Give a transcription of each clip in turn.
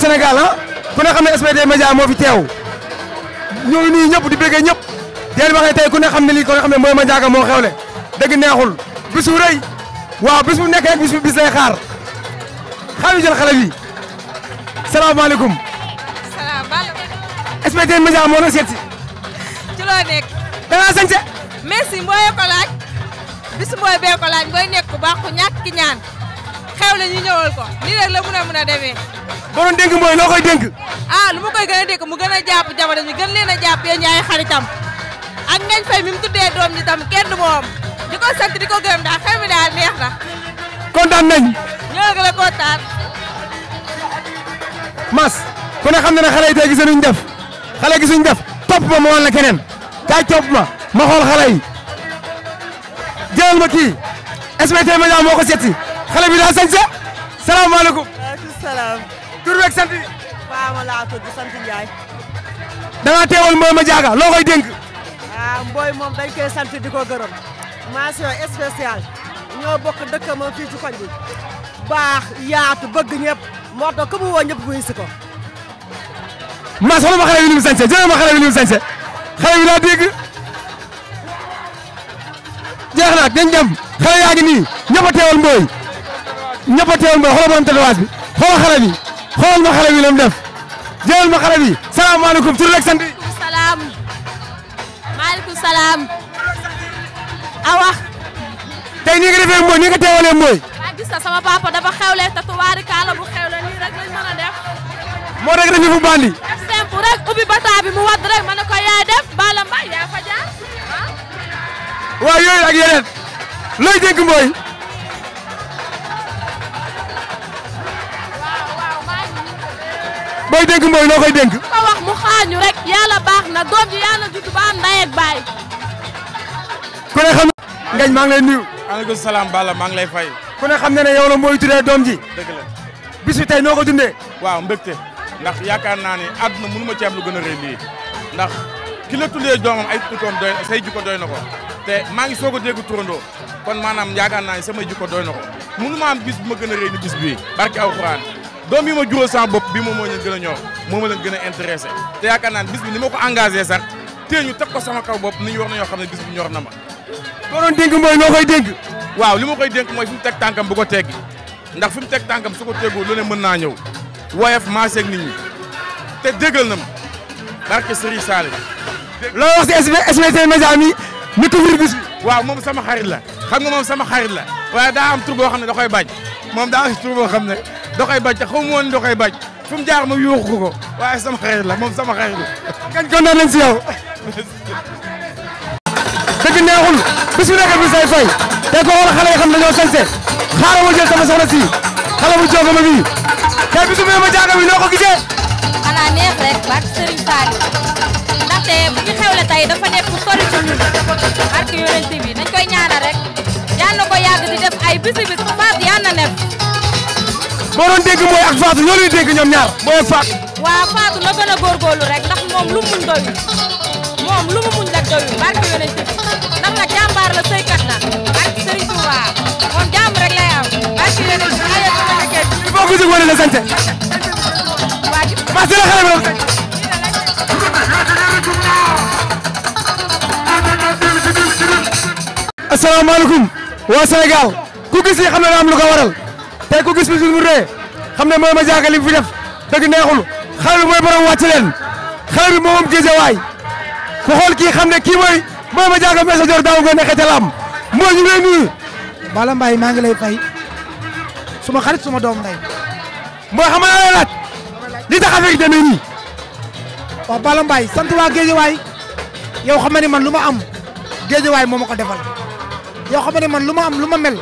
Sénégal ah ku ne xam ne SBT Média moo fi teew ñoo ngi ñëpp di bëggee ñëpp deel waxee tey ku ne xam ne lii ko nga xam ne mooy Mandiaga moo xewle dëgg neexul bisu rëy waaw bis nekk rek bis bu bis xaar xaar jël xale bi salaamaaleykum. salaamaaleykum. SBT Média moo la seet si. nekk. da ngaa sañse. merci mbooyee ko laaj bisu mbooy bee ko laaj booy nekk ku baax ñaan. xew la ñu ñëwal ko nii rek la mën a mën a demee. boo dénk mooy loo koy dénk. a ah, lu ma koy gën a dénk mu gën a jàpp jamono ji gën leen a jàpp yéen ñaari xaritam ak ngañ fay mi mu tuddee doom ji tam kenn moom di ko sant di ko gërëm da xew mi daal neex na. kontaan nañ. ñoo gën a kontaan. Mas ku ne xam na ne xale yi tey gisuñu def xale gisuñu def topp ma ma wala keneen kaay topp ma ma xool xale yi jëlal ma kii SBT Média moo ko seeti. xale bi daa sañse salaamaaleykum. waaleykum salaam. tur beeg sant yi. ma laa tudd sant Ndiaye. da teewal Mboye Madiaga loo koy dénk. ah Mboye moom dañ koy sant di ko gërëm. mention spéciale. ñoo bokk dëkk moom fii ci koñ baax yaatu bëgg ñëpp. moo tax ku mu woo ñëpp buy si ko. xale ma xale bi sañse xale bi daa dégg. na ak dañ xale yaa nii ñëpp a teewal Mboye. ñëpp a teewoon mbay xoolal borom tatouage bi xoolal xale xoolal ma xale bi la mu def jëlal ma xale bi salaamaaleykum tur rek sant. salaam maaleykum salaam. awa. tey ni nga defee mooy ni nga teewalee mooy. waaw gis nga sama papa dafa xewle te tubaari kaala bu xewle nii rek lañ mën a def. moo fu bandi. def simple rek ubbi bata bi mu wadd rek ma ne ko yaay def bala mbay yooyu ak yeneen looy dégg mooy. booy dénk mbooy loo koy dénk. ko wax mu xaañu rek yàlla baax na doom ji yàlla judd ba am ndey ak baay. ku ne xam ngañ maa ngi lay nuyu. salaam Balla maa ngi lay fay. ku ne xam na ne yow la mooy tuddee doom ji. dëgg la bis bi noo ko dundee. waaw mbégte ndax yaakaar naa ne àdduna mënu ma ci lu gën a rëy ndax ki la tuddee doomam ay tutoon doy say jikko doy na ko te maa ngi soog a dégg turandoo kon maanaam yaakaar naa ne samay jikko doy na ko mënu ma am bis bu ma gën a rëy ni bis aw barki doom bi ma jural sama bopp bi moo moo leen gën a ñor moo ma leen gën a intéressé te yaakaar naan bis bi ni ma ko engagé sax tée ñu teg ko sama kaw bopp nit ñi na nañoo xam ne bis bi na ma ko doon dénk mooy noo koy dénk waaw li ma koy dénk mooy fi mu teg tànkam bu ko teg ndax fi mu teg tànkam su ko teggu lu ne mën naa ñëw woyof maaseeg nit ñi te déggal na ma barke Serigne Saliou loo wax si SBT Média mi ñu couvrir bis waaw moom sama xarit la xam nga moom sama xarit la waaye daa am tur boo xam ne da koy bañ daa boo xam ne doxay bàcc xaw ma woon doxay bàcc mu jaar ma ko ko waaye sama xarit la moom sama xarit la. kañ kontaan nañ si yow. dëgg neexul bis bu a bi say fay te ko wala xale xam dañoo sañse xaaral ma jël sama soxna ma bii tey bisu ma jaaga bi noo ko na ko yàgg ay bisi bis bu baax yal na nekk. boo doon dégg ak Fatou loolu ñu ñoom ñaar Mboye ak Fatou. waaw Fatou na gën a góorgóorlu rek ndax moom lu mu muñ doyul moom lu mu muñ la doyul barke yonent bi ndax nag jàmbaar la sëykat la barke Serigne Touba moom jàmm rek lay am barke yonent bi ayoo ko nekkee. si la xale bi waa Sénégal ku gis xam ne am lu ko tey ko gis Bijou mu ree xam ne mooy ma jaaka li fi def dëgg neexul xale bi mooy borom mooy ma jaaka messageur daaw nga nekk ca lam mooy ñu lay maa ngi lay fay suma xarit suma doom nday mooy xam naa lay laaj li tax affaire yi demee nii. waaw Balla Mbaye sant waa géejewaay yow xam ne man lu ma am waay moo ma ko defal yow xam ne man lu ma am lu ma mel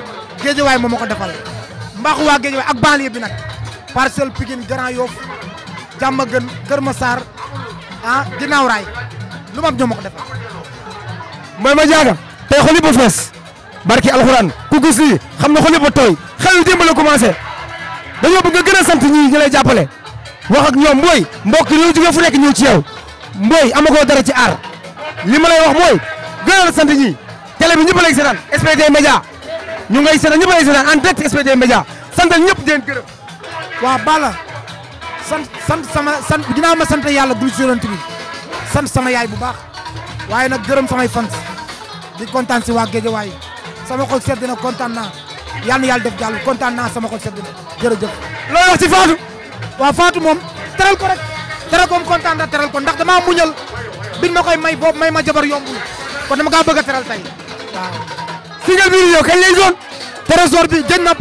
waay moo ma ko defal. mbaaxu waa géej ak banlieue bi nag Parcelles Pikine Grand Yoff Diamaguène Kër Massar ah ginnaaw raay lu ma am ñoom moo ko defal. ma jaaga tey xol yi ba fees barki alxuraan ku gis lii xam na xol yi ba tooy xel yu démb la commencé dañoo gën a sant ñii ñu lay jàppale wax ak ñoom mbooy mbokk yi ñu jógee fu nekk ñëw ci yow mbooy amagoo dara ci aar li ma lay wax mooy gën a sant ñii télé bi ñëpp a léegi seetaan SBT Média ñu ngay seetaan ñëpp ngay seetaan en direct SBT Média sant ñëpp di gërëm. waa Balla san sant sama sant ginnaaw ma sant yàlla dul si yonent bi sant sama yaay bu baax waaye nag gërëm samay fans di kontaan si waa Guédiawaye sama xol sedd na kontaan naa yal na yàlla def jàll kontaan naa sama ko sedd na jërëjëf. looy wax ci Fatou. waaw moom teral ko rek teral ko kontaan na teral ko ndax damaa muñal biñ ma koy may boobu may ma jabar yombul kon dama kaa bëgg a teral single bi yow kañ lay zone trésor bi jënd na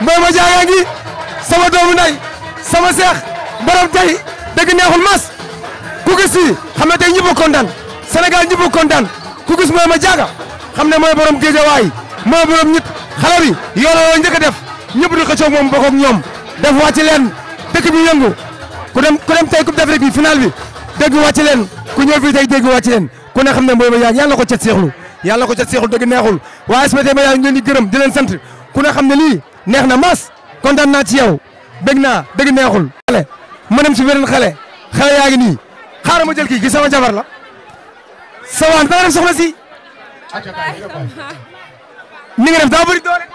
ma sama doomu sama seex borom tey dëgg neexul mas ku gis xam ne tey ñëpp a kontaan Sénégal ñëpp kontaan gis mbay ma jaaga xam ne mooy borom géejawaay mooy borom ñit xale bi yoon njëkk def ñëpp di xëccoo moom ñoom def wàcc leen dëkk bi yëngu ku dem ku dem tey coupe d'Afrique bi final bi leen ku ñëw fii tey dégg wàcc leen ku ne xam ne Mboye Badiane yàlla na ko cat seexlu yàlla na ko cat seexlu dëgg neexul waa SBT Médias ñu leen di gërëm di leen sant ku ne xam ne lii neex na maas kontaan naa ci yow bég naa dëgg neexul xale ma dem si beneen xale yaa ngi nii xaaral ma jël kii gi sama jabar la sawaan dana def soxna si ni nga def daa bëri doole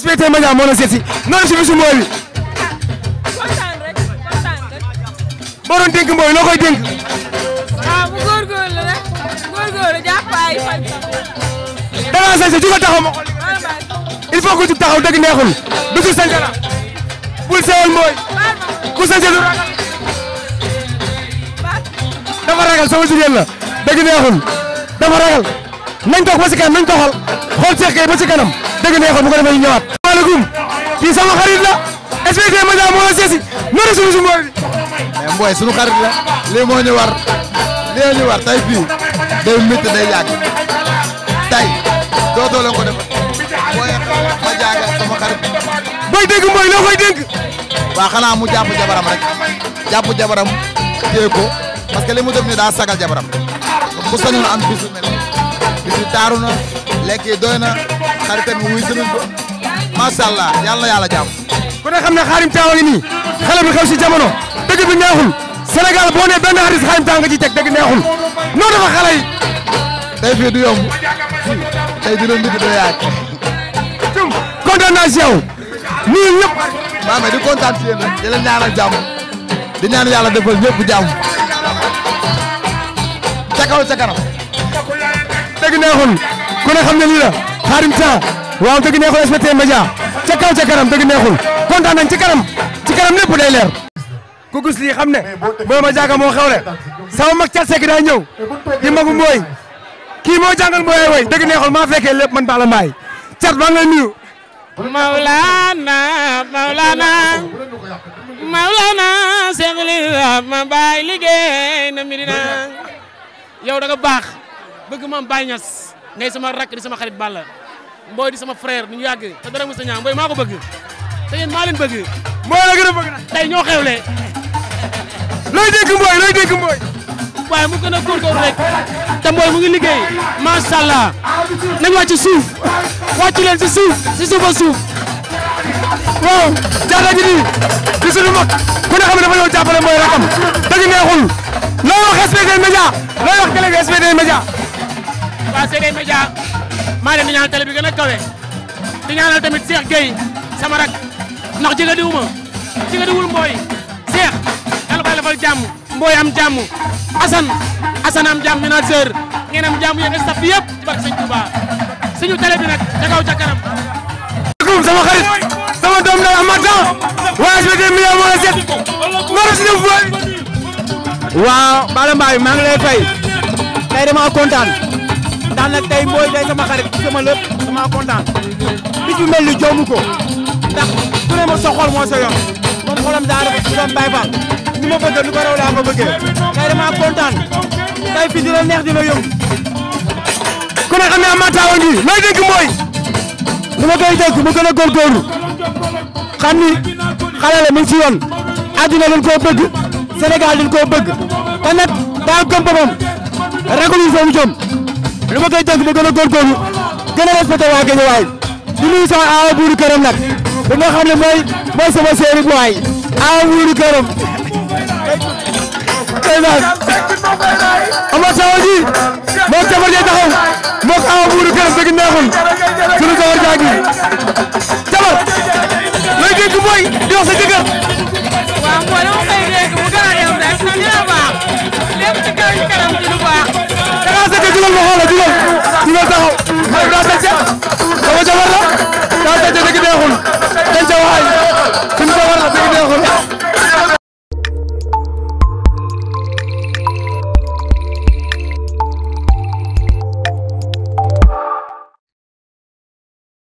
SBT Médias moo la seet si noonu si bisu mooy boo doon dénk mbooy loo koy dénk. waaw ah, mu góorgóorlu rek góorgóorlu jàpp ay fan. danaa sañ sa ma xool ah, il faut que jug taxaw dëgg neexul bisu sañ la bul sewal mbooy ku sañ sa du ragal dafa ragal sama jigéen la dëgg ragal nañ toog ba si kanam nañ toxal xool Cheikh Gueye ba si kanam dëgg neexul bu ko defee ñu ñëwaat. maaleykum kii sama xarit la SBT Média moo la seesi noonu suñu si booy suñu xarit la lii moo ñu war lii ñu war tey fii day métti day yàgg tey dootoo leen ko def booy ma jaaga sama xarit. booy dégg mooy loo koy dégg. waa xanaa mu jàpp jabaram rek jàpp jabaram téye ko parce que li mu def ni daa sagal jabaram bu sañoon am bisu mel bisu taaru na lekk yi doy na xaritam yi wuy suñu macha allah yàlla na yàlla jàmm. ku ne xam ne xaarim taawa nii xale bi si jamono. dëgg bi neexul senegal boo nee benn artiste Khadim Samb nga ciy teg dëgg neexul noonu dafa xale yi. tey fii du yomb tey dina nit dina yaaj. kontaan naa si nuyu ñëpp. waaw di kontaan si yéen rek di di ñaan yàlla defal ñëpp jàmm. ca kaw ca kanam. dëgg neexul ku ne xam ne lii la neexul kontaan nañ ci kanam ci kanam lépp day leer. ku gis lii ne booy ma jaaga moo xewle sama mag Thiat Seck daa ñëw di magu mbooy kii moo jàngal mbooy way dëgg neexul maa fekkee lépp man Balla Mbaye Thiat maa ngi lay nuyu Mawlana Mawlana Mawlana Seexul Islaam ma baay liggéey na Medina yow da nga baax bëgg maam Baye Niass ngay sama rakk di sama xarit Balla mbooy di sama frère ñu yàgg te dara mu sa ñaa mbooy maa ko bëgg te yéen maa leen bëgg mbooy la gën a bëgg looy dégg mbooy looy dégg mbooy waaye mu a mu ngi liggéey macha allah nañ wàcc suuf wàcc leen si suuf si suufa suuf waaw jaata gi nii di suñu mag ku ne xam ne dafa ñëw jàppale mbooy rakam dëgg neexul loo wax SBT Média loo wax télé bi SBT Média waaw SBT Média maa leen di ñaanal télé bi gën a kawe di ñaanal tamit Cheikh Gueye sama rak ndax jëgadiwuma jëgadiwul mbooy jàmm Mboy am jàmm Assane Assane am jàmm manager ngeen am jàmm yéen staff yëpp ci barke Sëñ Touba suñu télé bi nag ca kaw ca kanam. asalaamaaleykum sama xarit sama doom daal Amath Thiam waaye su fekkee million moo la set maa la si dem fooy. waaw Bala Mbaye maa ngi lay fay tey dama kontaan ndax nag tey Mboy day sama xarit sama lépp dama kontaan bis bi mel ni joomu ko ndax ku ne ma sa xol moo sa yoon moom xolam daa def su doon Baye Fall. ni ma bëgg lu ko raw laa ko bëggee tey damaa kontaan tey fii dina xam ne Amata woon nii looy dégg mooy li ma koy dégg mu gën a góorgóorlu xam ni xale la mu ngi si yoon àddina dañ koo bëgg Sénégal dañ koo bëgg te nag daa gëm ragul yi soomu jom li ma koy dégg mu gën a góorgóorlu a respecté waa Guédiawaye di nuyu sama aawa buuru këram nag bi xam ne mooy sama séeréer bu waay aawa buuru këram. ndeysaan Omar Saw ji moo jabar jee taxaw moo ko awa buuru këram dëgg neexul sunu jabar jaa ngi jabar looy dégg mooy di wax sa jëkkër waaw mooy dama koy dégg mu gën a dem rek sa dina baax lépp ci kanam ci lu baax dangaa sa jëkkër jugal ma xoolal jugal jugal taxaw